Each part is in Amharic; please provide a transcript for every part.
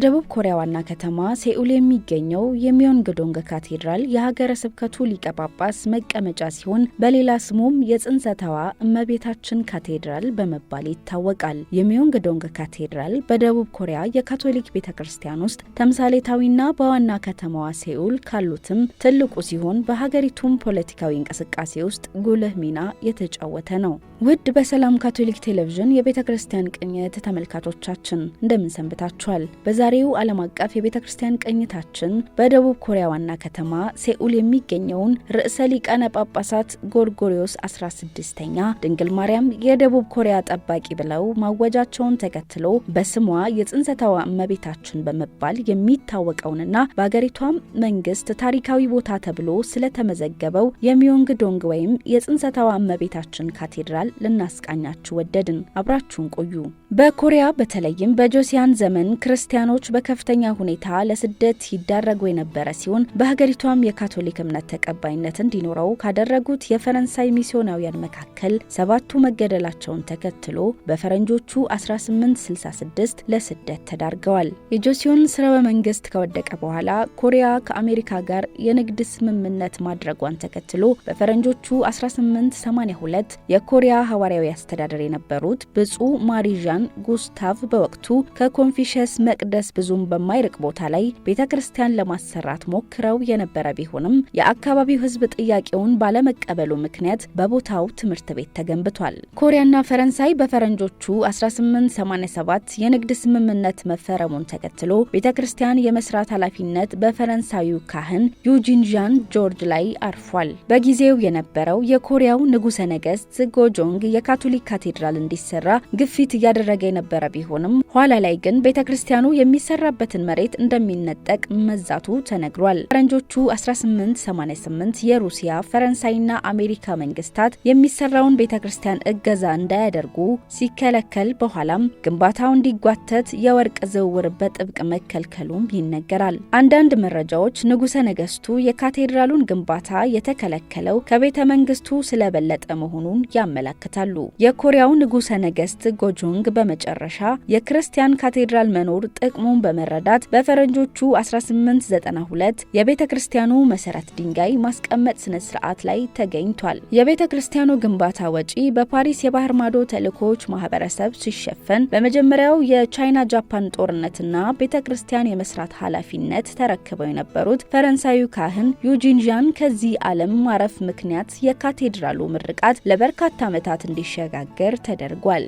በደቡብ ኮሪያ ዋና ከተማ ሴኡል የሚገኘው የሚዮንግዶንግ ካቴድራል የሀገረ ስብከቱ ሊቀ ጳጳስ መቀመጫ ሲሆን በሌላ ስሙም የጽንሰተዋ እመቤታችን ካቴድራል በመባል ይታወቃል። የሚዮንግዶንግ ካቴድራል በደቡብ ኮሪያ የካቶሊክ ቤተ ክርስቲያን ውስጥ ተምሳሌታዊና በዋና ከተማዋ ሴኡል ካሉትም ትልቁ ሲሆን በሀገሪቱም ፖለቲካዊ እንቅስቃሴ ውስጥ ጉልህ ሚና የተጫወተ ነው። ውድ በሰላም ካቶሊክ ቴሌቪዥን የቤተ ክርስቲያን ቅኝት ተመልካቾቻችን እንደምንሰንብታችኋል። በዛሬው ዓለም አቀፍ የቤተ ክርስቲያን ቅኝታችን በደቡብ ኮሪያ ዋና ከተማ ሴኡል የሚገኘውን ርዕሰ ሊቃነ ጳጳሳት ጎርጎሪዮስ 16ኛ ድንግል ማርያም የደቡብ ኮሪያ ጠባቂ ብለው ማወጃቸውን ተከትሎ በስሟ የጽንሰታዋ እመቤታችን በመባል የሚታወቀውንና በአገሪቷም መንግስት ታሪካዊ ቦታ ተብሎ ስለተመዘገበው የሚዮንግ ዶንግ ወይም የጽንሰታዋ እመቤታችን ካቴድራል ልናስቃኛችሁ ወደድን። አብራችሁን ቆዩ። በኮሪያ በተለይም በጆሲያን ዘመን ክርስቲያኖ ክርስቲያኖች በከፍተኛ ሁኔታ ለስደት ይዳረጉ የነበረ ሲሆን በሀገሪቷም የካቶሊክ እምነት ተቀባይነት እንዲኖረው ካደረጉት የፈረንሳይ ሚስዮናውያን መካከል ሰባቱ መገደላቸውን ተከትሎ በፈረንጆቹ 1866 ለስደት ተዳርገዋል። የጆሲዮን ስርወ መንግስት ከወደቀ በኋላ ኮሪያ ከአሜሪካ ጋር የንግድ ስምምነት ማድረጓን ተከትሎ በፈረንጆቹ 1882 የኮሪያ ሐዋርያዊ አስተዳደር የነበሩት ብፁዕ ማሪዣን ጉስታቭ በወቅቱ ከኮንፊሸስ መቅደስ ከመቅደስ ብዙም በማይርቅ ቦታ ላይ ቤተ ክርስቲያን ለማሰራት ሞክረው የነበረ ቢሆንም የአካባቢው ሕዝብ ጥያቄውን ባለመቀበሉ ምክንያት በቦታው ትምህርት ቤት ተገንብቷል። ኮሪያና ፈረንሳይ በፈረንጆቹ 1887 የንግድ ስምምነት መፈረሙን ተከትሎ ቤተ ክርስቲያን የመስራት ኃላፊነት በፈረንሳዩ ካህን ዩጂን ዣን ጆርጅ ላይ አርፏል። በጊዜው የነበረው የኮሪያው ንጉሠ ነገሥት ጎጆንግ የካቶሊክ ካቴድራል እንዲሰራ ግፊት እያደረገ የነበረ ቢሆንም ኋላ ላይ ግን ቤተ ክርስቲያኑ የሚሰራበትን መሬት እንደሚነጠቅ መዛቱ ተነግሯል። ፈረንጆቹ 1888 የሩሲያ ፈረንሳይና አሜሪካ መንግስታት የሚሰራውን ቤተ ክርስቲያን እገዛ እንዳያደርጉ ሲከለከል በኋላም ግንባታው እንዲጓተት የወርቅ ዝውውር በጥብቅ መከልከሉም ይነገራል። አንዳንድ መረጃዎች ንጉሰ ነገስቱ የካቴድራሉን ግንባታ የተከለከለው ከቤተ መንግስቱ ስለበለጠ መሆኑን ያመለክታሉ። የኮሪያው ንጉሰ ነገስት ጎጆንግ በመጨረሻ የክርስቲያን ካቴድራል መኖር ጥቅሙ አቅሙን በመረዳት በፈረንጆቹ 1892 የቤተ ክርስቲያኑ መሰረት ድንጋይ ማስቀመጥ ስነ ስርዓት ላይ ተገኝቷል። የቤተ ክርስቲያኑ ግንባታ ወጪ በፓሪስ የባህር ማዶ ተልእኮዎች ማህበረሰብ ሲሸፈን በመጀመሪያው የቻይና ጃፓን ጦርነትና ቤተ ክርስቲያን የመስራት ኃላፊነት ተረክበው የነበሩት ፈረንሳዩ ካህን ዩጂን ዣን ከዚህ ዓለም ማረፍ ምክንያት የካቴድራሉ ምርቃት ለበርካታ ዓመታት እንዲሸጋገር ተደርጓል።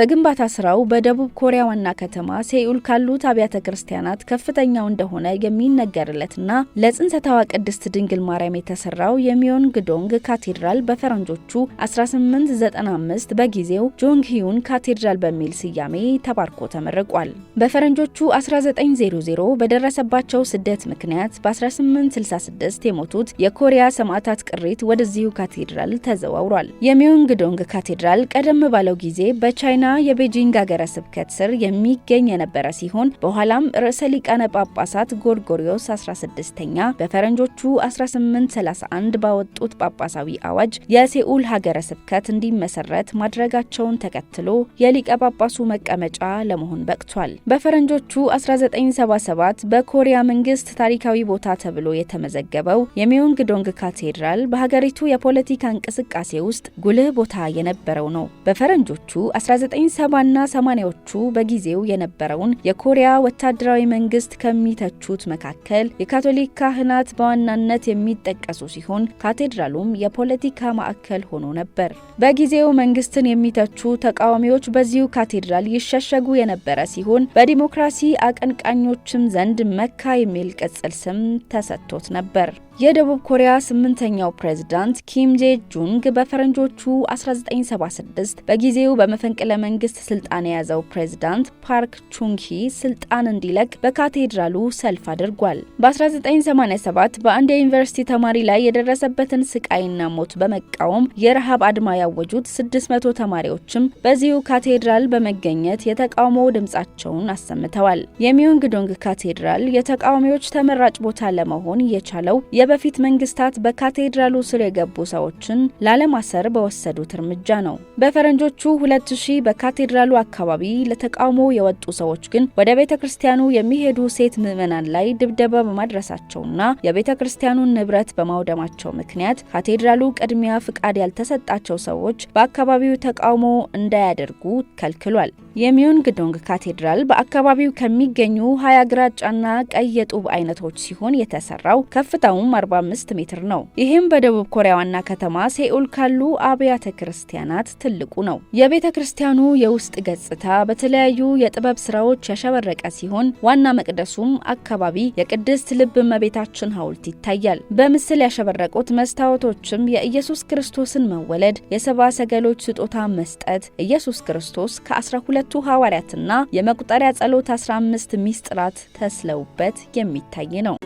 በግንባታ ስራው በደቡብ ኮሪያ ዋና ከተማ ሴኡል ካሉት አብያተ ክርስቲያናት ከፍተኛው እንደሆነ የሚነገርለትና ለጽንሰታዋ ቅድስት ድንግል ማርያም የተሰራው የሚዮንግዶንግ ካቴድራል በፈረንጆቹ 1895 በጊዜው ጆንግሂዩን ካቴድራል በሚል ስያሜ ተባርኮ ተመርቋል። በፈረንጆቹ 1900 በደረሰባቸው ስደት ምክንያት በ1866 የሞቱት የኮሪያ ሰማዕታት ቅሪት ወደዚሁ ካቴድራል ተዘዋውሯል። የሚዮንግዶንግ ካቴድራል ቀደም ባለው ጊዜ በቻይና የቤጂንግ ሀገረ ስብከት ስር የሚገኝ የነበረ ሲሆን በኋላም ርዕሰ ሊቃነ ጳጳሳት ጎርጎሪዮስ 16ኛ በፈረንጆቹ 1831 ባወጡት ጳጳሳዊ አዋጅ የሴኡል ሀገረ ስብከት እንዲመሰረት ማድረጋቸውን ተከትሎ የሊቀ ጳጳሱ መቀመጫ ለመሆን በቅቷል። በፈረንጆቹ 1977 በኮሪያ መንግስት ታሪካዊ ቦታ ተብሎ የተመዘገበው የሜዮንግ ዶንግ ካቴድራል በሀገሪቱ የፖለቲካ እንቅስቃሴ ውስጥ ጉልህ ቦታ የነበረው ነው። በፈረንጆቹ 19 በዘጠኝ ሰባና ሰማኒያዎቹ በጊዜው የነበረውን የኮሪያ ወታደራዊ መንግስት ከሚተቹት መካከል የካቶሊክ ካህናት በዋናነት የሚጠቀሱ ሲሆን ካቴድራሉም የፖለቲካ ማዕከል ሆኖ ነበር። በጊዜው መንግስትን የሚተቹ ተቃዋሚዎች በዚሁ ካቴድራል ይሸሸጉ የነበረ ሲሆን በዲሞክራሲ አቀንቃኞችም ዘንድ መካ የሚል ቅጽል ስም ተሰጥቶት ነበር። የደቡብ ኮሪያ ስምንተኛው ፕሬዝዳንት ኪም ጄ ጁንግ በፈረንጆቹ 1976 በጊዜው በመፈንቅለ መንግስት ስልጣን የያዘው ፕሬዝዳንት ፓርክ ቹንሂ ስልጣን እንዲለቅ በካቴድራሉ ሰልፍ አድርጓል። በ1987 በአንድ የዩኒቨርሲቲ ተማሪ ላይ የደረሰበትን ስቃይና ሞት በመቃወም የረሃብ አድማ ያወጁት 600 ተማሪዎችም በዚሁ ካቴድራል በመገኘት የተቃውሞ ድምጻቸውን አሰምተዋል። የሚዮንግዶንግ ካቴድራል የተቃዋሚዎች ተመራጭ ቦታ ለመሆን የቻለው የበፊት መንግስታት በካቴድራሉ ስር የገቡ ሰዎችን ላለማሰር በወሰዱት እርምጃ ነው። በፈረንጆቹ 2000 በካቴድራሉ አካባቢ ለተቃውሞ የወጡ ሰዎች ግን ወደ ቤተ ክርስቲያኑ የሚሄዱ ሴት ምዕመናን ላይ ድብደባ በማድረሳቸውና የቤተ ክርስቲያኑን ንብረት በማውደማቸው ምክንያት ካቴድራሉ ቅድሚያ ፍቃድ ያልተሰጣቸው ሰዎች በአካባቢው ተቃውሞ እንዳያደርጉ ከልክሏል። የሚዮንግ ዶንግ ካቴድራል በአካባቢው ከሚገኙ ሀያ ግራጫና ቀይ የጡብ አይነቶች ሲሆን የተሰራው ከፍታውም 45 ሜትር ነው። ይህም በደቡብ ኮሪያ ዋና ከተማ ሴኡል ካሉ አብያተ ክርስቲያናት ትልቁ ነው። የቤተ ክርስቲያኑ የቤተክርስቲያኑ የውስጥ ገጽታ በተለያዩ የጥበብ ስራዎች ያሸበረቀ ሲሆን ዋና መቅደሱም አካባቢ የቅድስት ልብ እመቤታችን ሐውልት ይታያል። በምስል ያሸበረቁት መስታወቶችም የኢየሱስ ክርስቶስን መወለድ፣ የሰባ ሰገሎች ስጦታ መስጠት፣ ኢየሱስ ክርስቶስ ከአስራ ሁለቱ ሐዋርያትና የመቁጠሪያ ጸሎት 15 ሚስጥራት ተስለውበት የሚታይ ነው።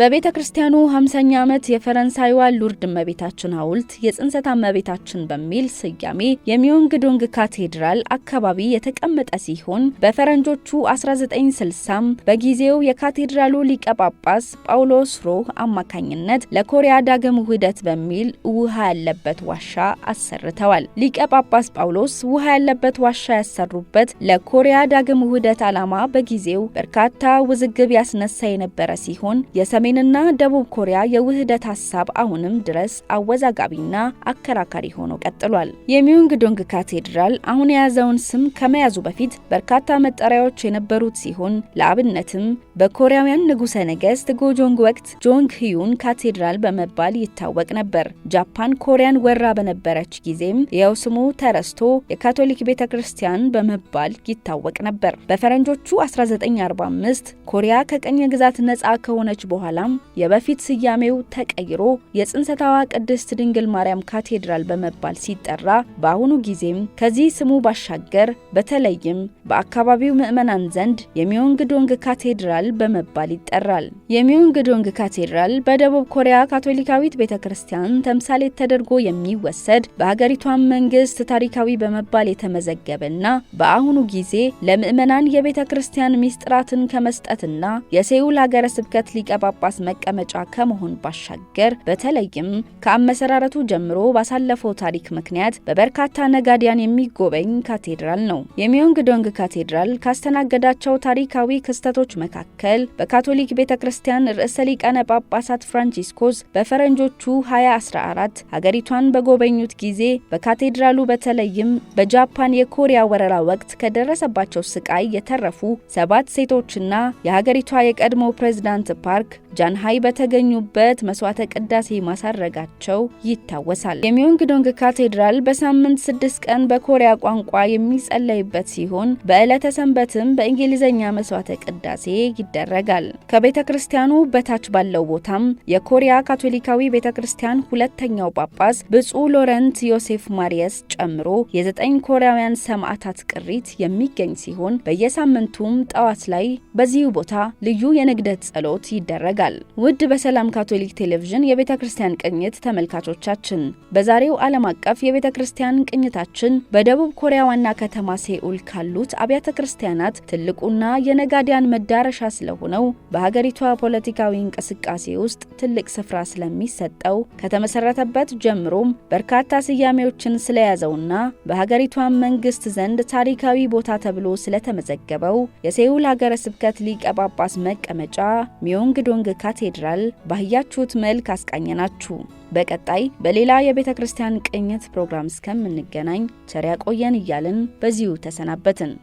በቤተ ክርስቲያኑ 50ኛ ዓመት የፈረንሳይዋ ሉርድ እመቤታችን ሐውልት የጽንሰት እመቤታችን በሚል ስያሜ የሚዮንግ ካቴድራል አካባቢ የተቀመጠ ሲሆን በፈረንጆቹ 1960 በጊዜው የካቴድራሉ ሊቀ ጳጳስ ጳውሎስ ሮህ አማካኝነት ለኮሪያ ዳግም ውህደት በሚል ውሃ ያለበት ዋሻ አሰርተዋል። ሊቀ ጳጳስ ጳውሎስ ውሃ ያለበት ዋሻ ያሰሩበት ለኮሪያ ዳግም ውህደት ዓላማ በጊዜው በርካታ ውዝግብ ያስነሳ የነበረ ሲሆን የሰሜ ሰሜንና ደቡብ ኮሪያ የውህደት ሀሳብ አሁንም ድረስ አወዛጋቢና አከራካሪ ሆኖ ቀጥሏል። የሚዩንግ ዶንግ ካቴድራል አሁን የያዘውን ስም ከመያዙ በፊት በርካታ መጠሪያዎች የነበሩት ሲሆን ለአብነትም በኮሪያውያን ንጉሠ ነገስት ጎጆንግ ወቅት ጆንግ ሂዩን ካቴድራል በመባል ይታወቅ ነበር። ጃፓን ኮሪያን ወራ በነበረች ጊዜም ያው ስሙ ተረስቶ የካቶሊክ ቤተ ክርስቲያን በመባል ይታወቅ ነበር። በፈረንጆቹ 1945 ኮሪያ ከቀኝ ግዛት ነፃ ከሆነች በኋላ በኋላም የበፊት ስያሜው ተቀይሮ የጽንሰታዋ ቅድስት ድንግል ማርያም ካቴድራል በመባል ሲጠራ በአሁኑ ጊዜም ከዚህ ስሙ ባሻገር በተለይም በአካባቢው ምዕመናን ዘንድ የሚዮንግዶንግ ካቴድራል በመባል ይጠራል። የሚዮንግዶንግ ካቴድራል በደቡብ ኮሪያ ካቶሊካዊት ቤተ ክርስቲያን ተምሳሌት ተደርጎ የሚወሰድ በሀገሪቷን መንግስት ታሪካዊ በመባል የተመዘገበና በአሁኑ ጊዜ ለምዕመናን የቤተ ክርስቲያን ሚስጥራትን ከመስጠትና የሴውል ሀገረ ስብከት ሊቀ ጳጳስ ኳስ መቀመጫ ከመሆን ባሻገር በተለይም ከአመሰራረቱ ጀምሮ ባሳለፈው ታሪክ ምክንያት በበርካታ ነጋዲያን የሚጎበኝ ካቴድራል ነው። የሚዮንግ ዶንግ ካቴድራል ካስተናገዳቸው ታሪካዊ ክስተቶች መካከል በካቶሊክ ቤተ ክርስቲያን ርዕሰ ሊቃነ ጳጳሳት ፍራንቺስኮስ በፈረንጆቹ 2014 ሀገሪቷን በጎበኙት ጊዜ በካቴድራሉ በተለይም በጃፓን የኮሪያ ወረራ ወቅት ከደረሰባቸው ስቃይ የተረፉ ሰባት ሴቶችና የሀገሪቷ የቀድሞ ፕሬዝዳንት ፓርክ ጃንሃይ በተገኙበት መስዋዕተ ቅዳሴ ማሳረጋቸው ይታወሳል። የሚዮንግዶንግ ካቴድራል በሳምንት ስድስት ቀን በኮሪያ ቋንቋ የሚጸለይበት ሲሆን በዕለተ ሰንበትም በእንግሊዝኛ መስዋዕተ ቅዳሴ ይደረጋል። ከቤተ ክርስቲያኑ በታች ባለው ቦታም የኮሪያ ካቶሊካዊ ቤተ ክርስቲያን ሁለተኛው ጳጳስ ብፁዕ ሎረንት ዮሴፍ ማሪየስ ጨምሮ የዘጠኝ ኮሪያውያን ሰማዕታት ቅሪት የሚገኝ ሲሆን በየሳምንቱም ጠዋት ላይ በዚሁ ቦታ ልዩ የንግደት ጸሎት ይደረጋል። ይፈልጋል። ውድ በሰላም ካቶሊክ ቴሌቪዥን የቤተ ክርስቲያን ቅኝት ተመልካቾቻችን፣ በዛሬው ዓለም አቀፍ የቤተ ክርስቲያን ቅኝታችን በደቡብ ኮሪያ ዋና ከተማ ሴኡል ካሉት አብያተ ክርስቲያናት ትልቁና የነጋዲያን መዳረሻ ስለሆነው በሀገሪቷ ፖለቲካዊ እንቅስቃሴ ውስጥ ትልቅ ስፍራ ስለሚሰጠው ከተመሰረተበት ጀምሮም በርካታ ስያሜዎችን ስለያዘውና በሀገሪቷ መንግስት ዘንድ ታሪካዊ ቦታ ተብሎ ስለተመዘገበው የሴኡል ሀገረ ስብከት ሊቀ ጳጳስ መቀመጫ ሚዮንግ ዶንግ ካቴድራል ባያችሁት መልክ አስቃኘናችሁ። በቀጣይ በሌላ የቤተ ክርስቲያን ቅኝት ፕሮግራም እስከምንገናኝ ቸር ያቆየን እያልን በዚሁ ተሰናበትን።